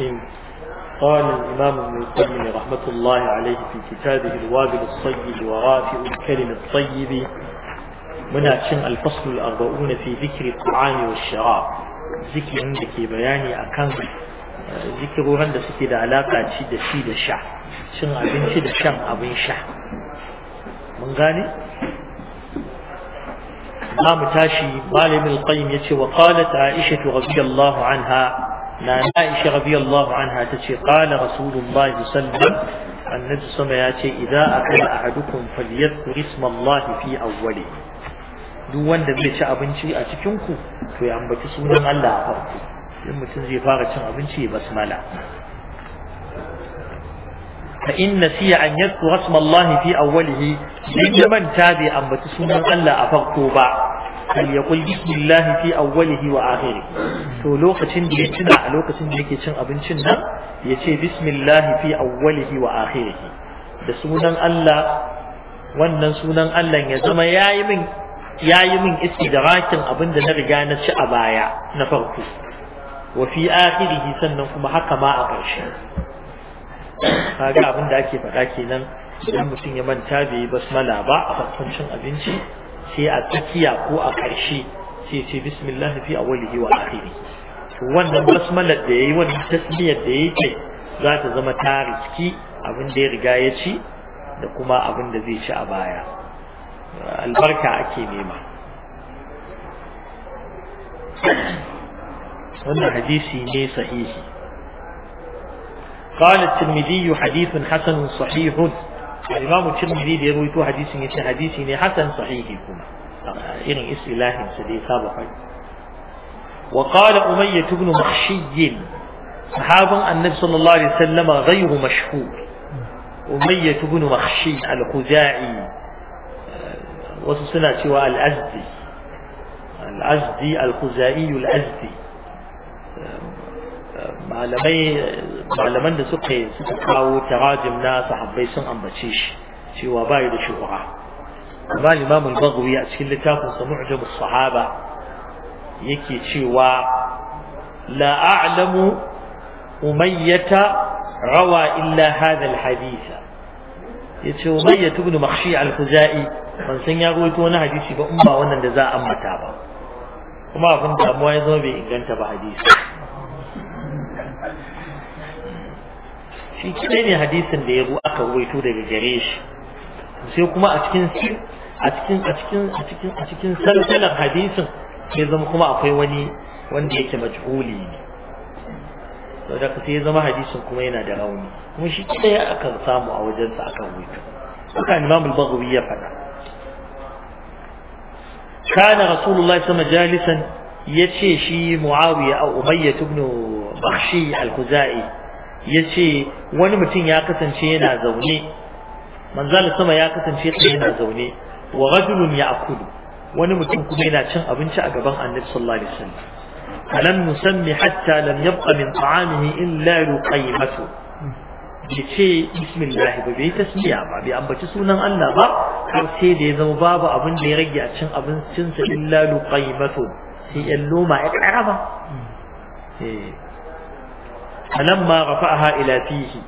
الرحيم قال الإمام ابن القيم رحمة الله عليه في كتابه الوابل الصيد ورافع الكلم الطيب مناشن الفصل الأربعون في ذكر الطعام والشراب ذكر عندك بياني أكان ذكر عند سكي علاقة شد شدة شع شن أبين شد شن أبين شع من غاني ما متاشي مالي من القيم يتي وقالت عائشة رضي الله عنها na Aisha radiyallahu anha tace qala rasulullahi sallallahu alaihi wasallam annabi sama ya ce idza akala ahadukum falyadhkur isma Allah fi awwali duk wanda zai ci abinci a cikinku, to ya ambaci sunan Allah a farko in mutum zai fara cin abinci ya basmala fa in nasiya an yadhkur rasmallahi fi awwalihi idan manta bai ambaci sunan Allah a farko ba falyaqul bismillah fi awwalihi wa akhirih to lokacin da ya tuna a lokacin da yake cin abincin nan ya ce bismillah fi awwalihi wa akhirih da sunan Allah wannan sunan Allah ya zama yayi min yayi min istidrakin abinda na riga na ci a baya na farko wa fi akhirih sannan kuma haka ma a karshe kaga abinda ake faɗa kenan idan mutum ya manta bai basmala ba a farkon cin abinci sai a tsakiya ko a ƙarshe sai sai bismillah fi awwalihi wa akhiri wannan basmalar da yayi wannan da yake za ta zama ta abin da ya riga ya ci da kuma abin da zai ci a baya albarka ake nema wannan hadisi ne sahihi قال الترمذي حديث حسن صحيح الإمام الترمذي يروي تو حديث نيت حديث نيت حسن صحيح يكون إن آه، إس إله سديد وقال أمية بن مخشي صحاب النبي صلى الله عليه وسلم غير مشهور أمية بن مخشي الخزاعي آه، وسنة سوى الأزدي الأزدي الخزائي الأزدي. malamai malaman da suka suka kawo tarajim na sahabbai sun ambace shi cewa bai da shuhura amma Imam al a cikin littafin sa Mu'jam sahaba yake cewa la a'lamu umayyata rawa illa hadha al yace umayya ibn makhshi al ban san ya rawaito wani hadisi ba in ba wannan da za a ambata ba kuma abin damuwa ya zama bai inganta ba hadisi shi kadai ne hadisin da ya ru aka ruwaito daga gare shi sai kuma a cikin a cikin a cikin a cikin a cikin salsalar hadisin sai zama kuma akwai wani wanda yake majhuli ne to da sai ya zama hadisin kuma yana da rauni kuma shi kadai aka samu a wajensa aka ruwaito haka Imam al-Baghawi ya faɗa كان رسول الله صلى الله عليه وسلم جالسا يتشي شي معاوية أو أمية بن بخشي الخزائي yace wani mutum ya kasance yana zaune manzal sama ya kasance yana zaune wa rajulun ya'kulu wani mutum kuma yana cin abinci a gaban annabi sallallahu alaihi wasallam alam nusammi hatta lam yabqa min ta'amihi illa luqaymatu bai ce bismillah ba bai tasmiya ba bai ambaci sunan Allah ba har sai da ya zama babu abin da ya rage a cin abincinsa illa luqaymatu sai yan loma ya karama eh falamma rafa'aha ila fihi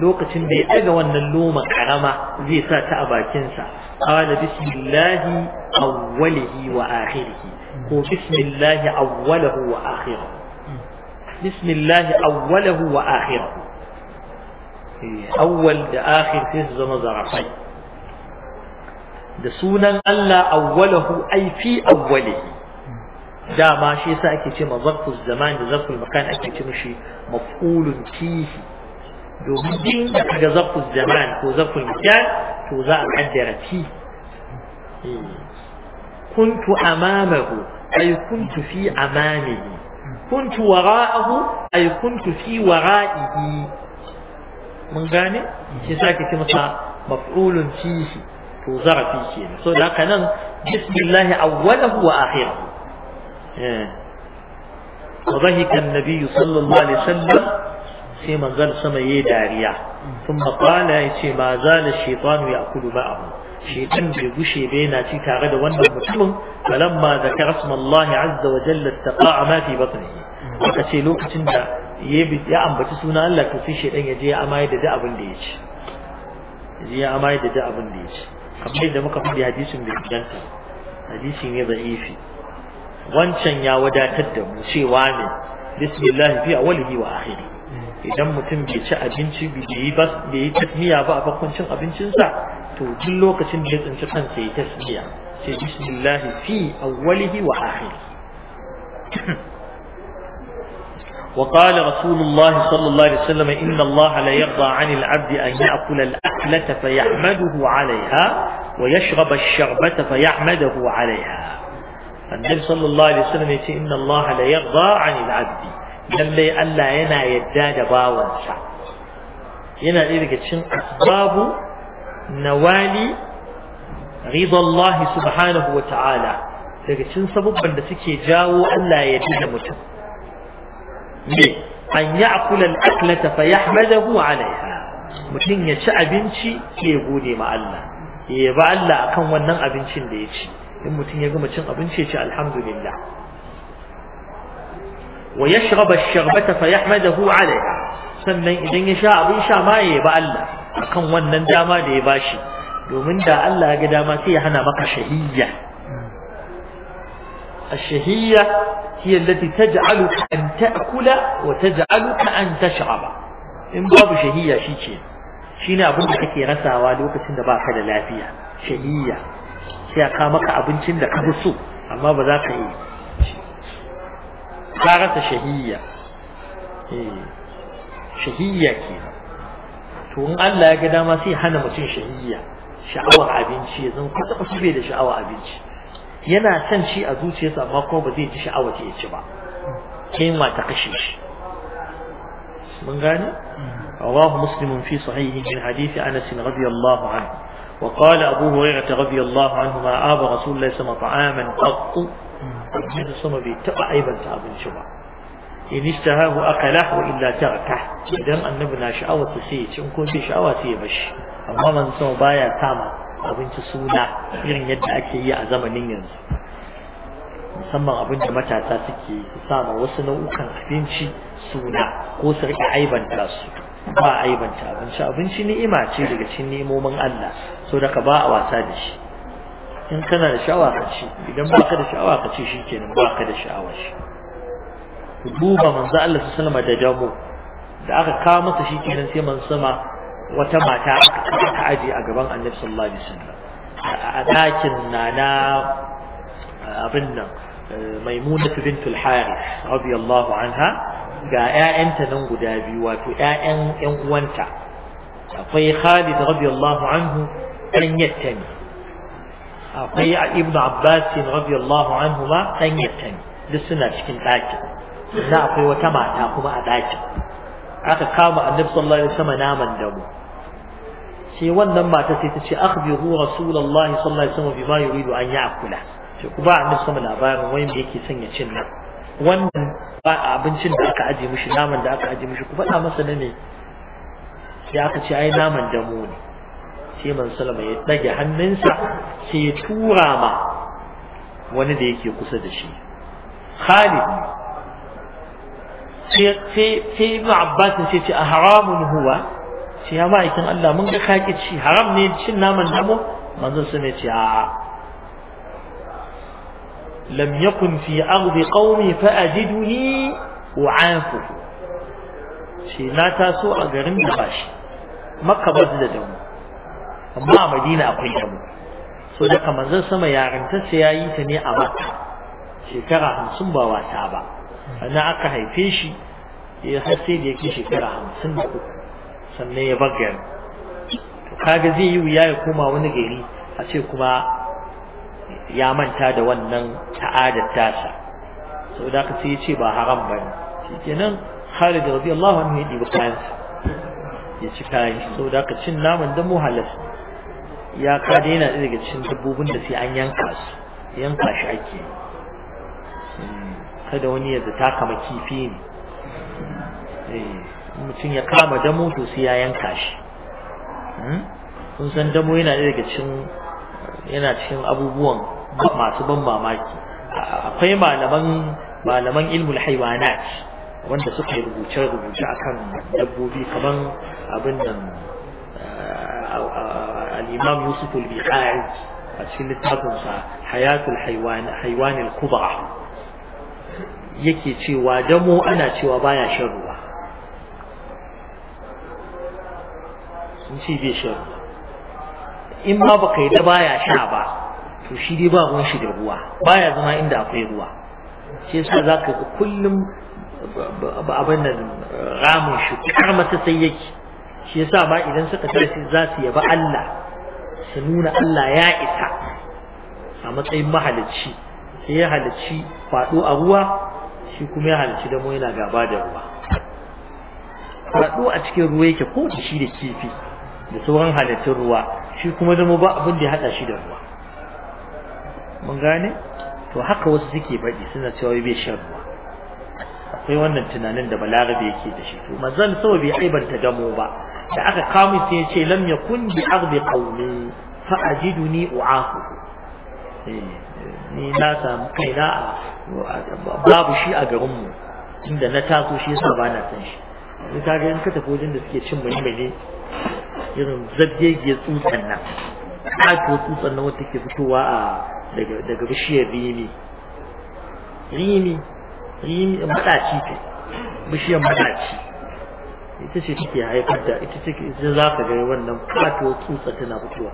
lokacin da ya daga wannan loma karama zai sa ta a bakin sa qala bismillahi awwalihi wa ko bismillahi awwalahu wa bismillahi awwalahu wa akhirihi eh, da akhir sai zama zarafai da sunan Allah awwalahu ai dama shi yasa ake ce ma zarfu zaman da zarfu makan ake ce mishi maf'ulun fihi domin din da kaga zarfu zaman ko zarfu makan to za a kaddara fi eh. kuntu amamahu ay kuntu fi amamihi kuntu wara'ahu ay kuntu fi wara'ihi mun gane shi yasa ake ce masa maf'ulun fihi to zarfi kenan so da haka nan bismillah awwalahu wa akhirahu فضحك النبي صلى الله عليه وسلم sai manzon dariya kuma qala yace ma zala shaytanu ya'kulu ma'ahu shaytan bai gushe bai yana ci tare da wannan mutumin falamma zakara smallahi azza wa jalla da ya ambaci suna Allah muka hadisin wancan ya wadatar da mu cewa ne bismillah fi awwalihi wa akhiri idan mutum bai ci abinci bai ba bai yi tasmiya ba a bakuncin cin abincinsa to duk lokacin da ya tsinci kansa ya tasmiya sai bismillah fi awwalihi wa akhiri وقال رسول الله صلى الله عليه وسلم إن الله لا يرضى عن العبد أن يأكل الأكلة فيحمده عليها ويشرب الشربة فيحمده عليها annabi sallallahu alaihi wasallam yace inna Allah la yarda 'anil 'abdi lalle Allah yana yadda da bawansa yana ɗaya daga cikin asbabu nawali rida Allah subhanahu wa ta'ala daga cikin sabubban da suke jawo Allah ya yadda mutum me an ya'kula al-aklata fa yahmadahu 'alayha mutum ya ci abinci ya gode ma Allah ya ba Allah akan wannan abincin da ya ci in mutum ya gama cin abinci ya ce alhamdulillah wa yashrab ash-sharbata fa yahmaduhu 'alayha sannan idan ya sha abin sha ma ya ba Allah akan wannan dama da ya bashi domin da Allah ya ga dama sai ya hana maka shahiyya ash-shahiyya hiya allati التي an ta'kula wa وتجعلك an tashraba in babu shahiyya shi ce shine abin da kake rasawa lokacin da baka da lafiya shahiyya sai ka maka abincin da ka fi so amma ba za ka yi ka rasa shahiyya eh, shahiyya ke to in Allah ya ga dama sai hana mutum shahiyya sha'awar abinci ya zama kwata kwata bai da sha'awar abinci yana son shi a zuciyarsa amma ko ba zai ji sha'awar ta ya ci ba kaima ta kashe shi mun gane mm. rawahu muslimun fi sahihi min hadisi anas radiyallahu anhu وقال أبو هريرة رضي الله عنه ما آب رسول الله صلى الله عليه وسلم طعاما قط النبي صلى الله عليه وسلم أيضا تعب شبع إن اشتهاه أكله وإلا تركه إذا النبي لا شعوة سيج إن كنت شعوة سيبش أما من سوى بايا تاما abinci suna irin yadda ake yi a zamanin yanzu musamman abin da matasa suke sama wasu nau'ukan abinci suna ko su rika aibanta su ba a yi aibanta abinci abinci ni'ima ce daga cikin nemomin Allah so ka ba a wasa da shi in kana da sha'awa ka ci idan ba ka da sha'awa ka ci shikenan ba ka da sha'awa shi ku duba manzo Allah sallallahu da jabo da aka kawo masa shikenan sai man sama wata mata aka aje a gaban Annabi sallallahu alaihi wasallam a dakin nana abin nan ميمونة بنت الحارث رضي الله عنها ga ƴaƴanta nan guda biyu wato ƴaƴan 'yan uwanta akwai Khalid radiyallahu anhu ɗan yattani akwai Ibn Abbas radiyallahu anhu ma ɗan yattani duk suna cikin ɗakin na akwai wata mata kuma a ɗakin aka kama annabi sallallahu alaihi wasallam naman damu sai wannan mata sai ta ce akhbiru rasulullahi sallallahu alaihi wasallam bima yuridu an ya'kula sai ku ba annabi sallallahu alaihi wasallam labarin wanda yake son ya cin nan wannan ba abincin da aka aje mishi naman da aka aje mishi ku faɗa masa na ne. sai aka ce ai naman damo ne sai man ya ɗage hannunsa sai ya tura ma wani da yake kusa da shi Khalid sai sai Ibn Abbas sai ce a haramun huwa sai ya ma'aikin Allah mun ga kaki ci haram ne cin naman damo manzon sai ya ce a'a لم يكن في أرض قومي فأجده وعافه شيء لا تاسو أقرم باشي مكة بدل دمو أما مدينة أقوي دمو so da kamar zan sama yarintarsa ya ta ne a mata shekara hamsin ba wata ba sannan aka haife shi ya har sai da yake shekara hamsin da uku sannan ya bar gari to kaga zai yi wuya ya koma wani gari a ce kuma ya manta da wannan ta'adar tasa sau da ka sai ce ba haram ba shi kenan Khalid radiyallahu anhu ya ɗiba kayansa ya ci kayan shi sau da ka cin naman da muhallas halas ya ka daina daga cikin dabbobin da sai an yanka su yanka shi ake kada wani ya zata kama kifi ne eh, mutum ya kama damo to sai ya yanka shi hmm? kun san damo yana daga cikin yana cikin abubuwan masu ban mamaki akwai malaman malaman ilmul haiwanat wanda suka yi rubuce rubuce akan dabbobi kaman abin nan eh, al-imam yusuf al-biqai a cikin littafin sa hayatul haiwan haiwanil kubra yake cewa damo ana cewa baya shan ruwa sun ce bai shan ruwa in ma baka yi da baya sha ba to shi dai ba gunshi da ruwa baya zama inda akwai ruwa shi yasa zaka ga kullum abin nan ramin shi har mata sai yake shi yasa ma idan suka tashi za su yaba Allah su nuna Allah ya isa a matsayin mahalicci sai ya halicci faɗo a ruwa shi kuma ya halicci mu yana gaba da ruwa faɗo a cikin ruwa yake ko da shi da kifi da sauran halittun ruwa shi kuma zama ba abin da ya hada shi da ruwa mun gane to haka wasu suke baɗi suna cewa bai shan ruwa akwai wannan tunanin da balarabe yake da shi to mazan saboda bai aibanta gamo ba da aka kamu sai ya ce lam yakun bi aghbi qawmi fa ajiduni u'afu eh, ni na samu kaina babu shi a garin mu inda na taso shi yasa ba na san shi ga in ka tafi wajen da suke cin ne. irin zaggegiyar tsutsan nan ƙatuwa tsutsan nan wata ke fitowa a daga bishiyar rimi rimi rimi maɗaci ce bishiyar maɗaci ita ce take haifar da ita take ita za ka ga wannan ƙatuwa tsutsa tana fitowa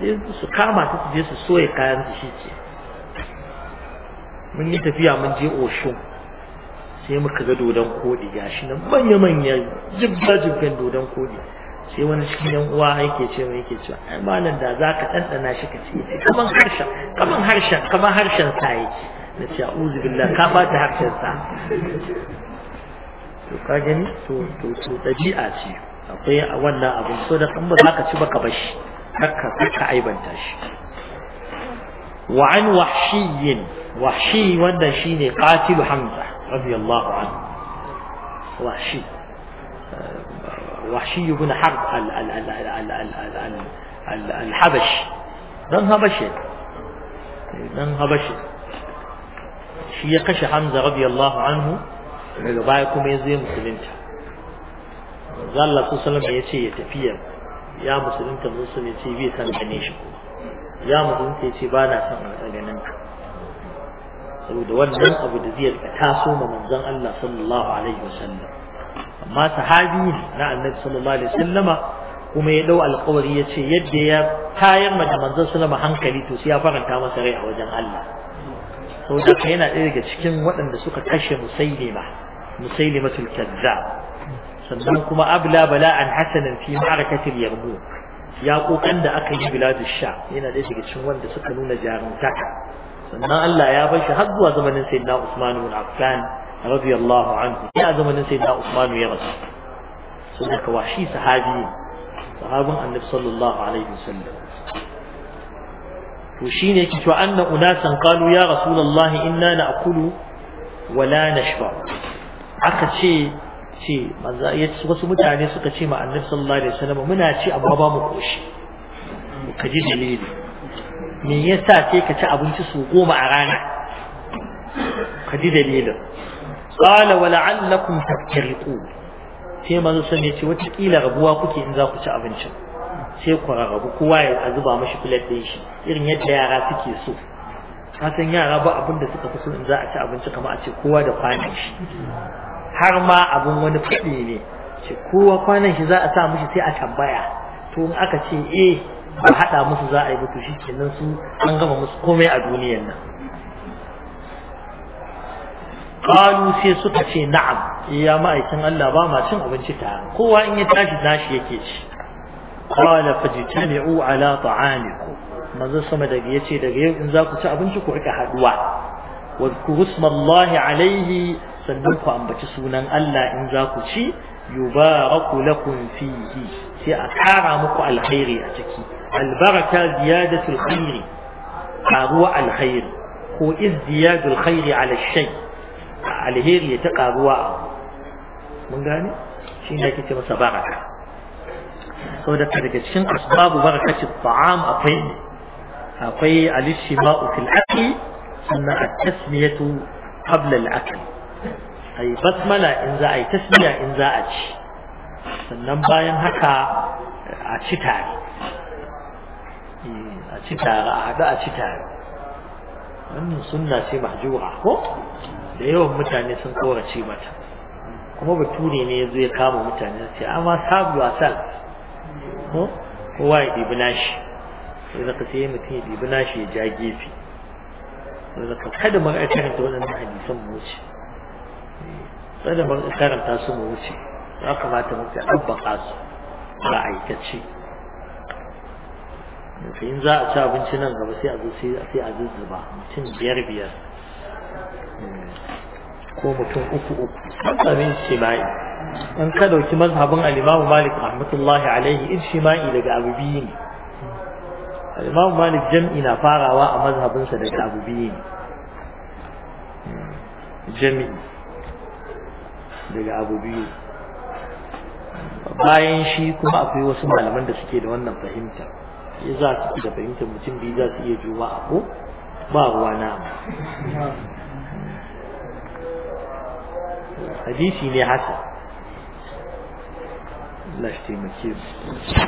sai su kama ta su je su soya kayan su shi ce mun yi tafiya mun je oshun sai muka ga dodon koɗi gashi nan manya-manyan jibga-jibgan dodon koɗi sai wani cikin yan uwa yake ce mai yake cewa ai malam da za ka ɗanɗana shi ka ce kaman harshen kaman harshen kaman harshen sa yake na ce a'udhu billah ka bata harshen sa to ka gani to to to dabi'a ce akwai wannan abin so da kan ba za ka ci ba ka bashi haka ka aibanta shi wa an wahshiyin wahshi wanda shine qatil hamza radiyallahu anhu wahshi الوحشي بن حرب الحبش بن هبشة بن هبشة شيء قش حمزة رضي الله عنه لبايكم يزي مسلمتا قال الله صلى الله عليه وسلم يتفيا يا مسلمتا مسلم يتفيا تنبنيش يا مسلمتا يتفانا تنبنيش saboda wannan abu da zai taso ma manzon Allah sallallahu alaihi wasallam amma sahabi na annabi sallallahu alaihi wasallama kuma ya dau alƙawari ya ce yadda ya tayar ma da manzon sallama hankali to sai ya faranta masa rai a wajen Allah da kai yana ɗaya daga cikin waɗanda suka kashe musailima musailimatul kazzab sannan kuma abla bala'an hasanan fi ma'arakatil ya yaƙoƙan da aka yi biladu sha yana ɗaya daga cikin wanda suka nuna jarumtaka sannan Allah ya bar shi har zuwa zamanin sayyidina Usman ibn Affan radiyallahu anhu ya zamanin sayyidina Usman ya rasu sun daga washi sahabi sahabin annabi sallallahu alaihi wasallam to shine yake cewa anna unasan qalu ya rasulullahi inna na'kulu wa la nashba aka ce ce wasu mutane suka ce ma annabi sallallahu alaihi wasallam muna ci amma ba koshi ka ji dalili me yasa ce ka ci abinci su goma a rana ka ji dalilin qala wa la'allakum taftariqu sai manzo sun yace wata kila rabuwa kuke in za ku ci abincin sai ku rabu kowa ya a zuba mashi plate din shi irin yadda yara suke so kasan yara ba abin da suka fi so in za a ci abinci kamar a ce kowa da kwanan shi har ma abin wani fadi ne ce kowa kwanan shi za a sa mishi sai a tambaya to in aka ce eh ba haɗa musu za a yi ba to shi kenan su an gama musu komai a duniyar nan قالوا سي سكتي نعم يا ما ايتن الله با ما تن ابنتي تا كوا ان يتاشي ناشي يكي قال فجتمعوا على طعامكم ما زو سما دغي يتي دغي ان زاكو تشي ابنتي كو ريكا حدوا واذكروا اسم الله عليه سنكو امبتي سونن الله ان زاكو تشي يبارك لكم فيه سي اكارا مكو الخير يا البركه زياده الخير هو الخير هو ازدياد الخير على الشيء alheri ta karuwa mun gane shi ne ake ce masa baraka saboda daga cikin asbabu barakati ta'am akwai akwai alishima'u fil akli sannan at-tasmiyatu qabla al-akli ai basmala in za a yi tasmiya in za a ci sannan bayan haka a ci tare eh, a ci tare a haɗu a ci tare wannan sunna ce mahjura ko da yawan mutane sun korace mata kuma bature ne yazo ya kama mutane sai amma sabu asal ko kowa ya dibi nashi sai zaka sai mutum ya dibi nashi ya ja gefe sai zaka kada mu karanta wannan hadisan mu wuce kada mu karanta su mu wuce ya kamata mu ta abba su ba aikace sai in za a ci abinci nan gaba sai a zo sai a mutum biyar biyar ko mutum uku uku sami shima'i in ka dauki mazhabin al-Imam Malik rahmatullahi alaihi in shima'i daga abu biyu ne al-Imam Malik jam'i na farawa a mazhabin sa daga abu biyu ne hmm. daga abu biyu bayan shi kuma akwai wasu malaman da suke da wannan fahimta ya za su da fahimtar mutum biyu za su iya juma'a ko ba ruwa na حديثي نعسى لا اشتي مكير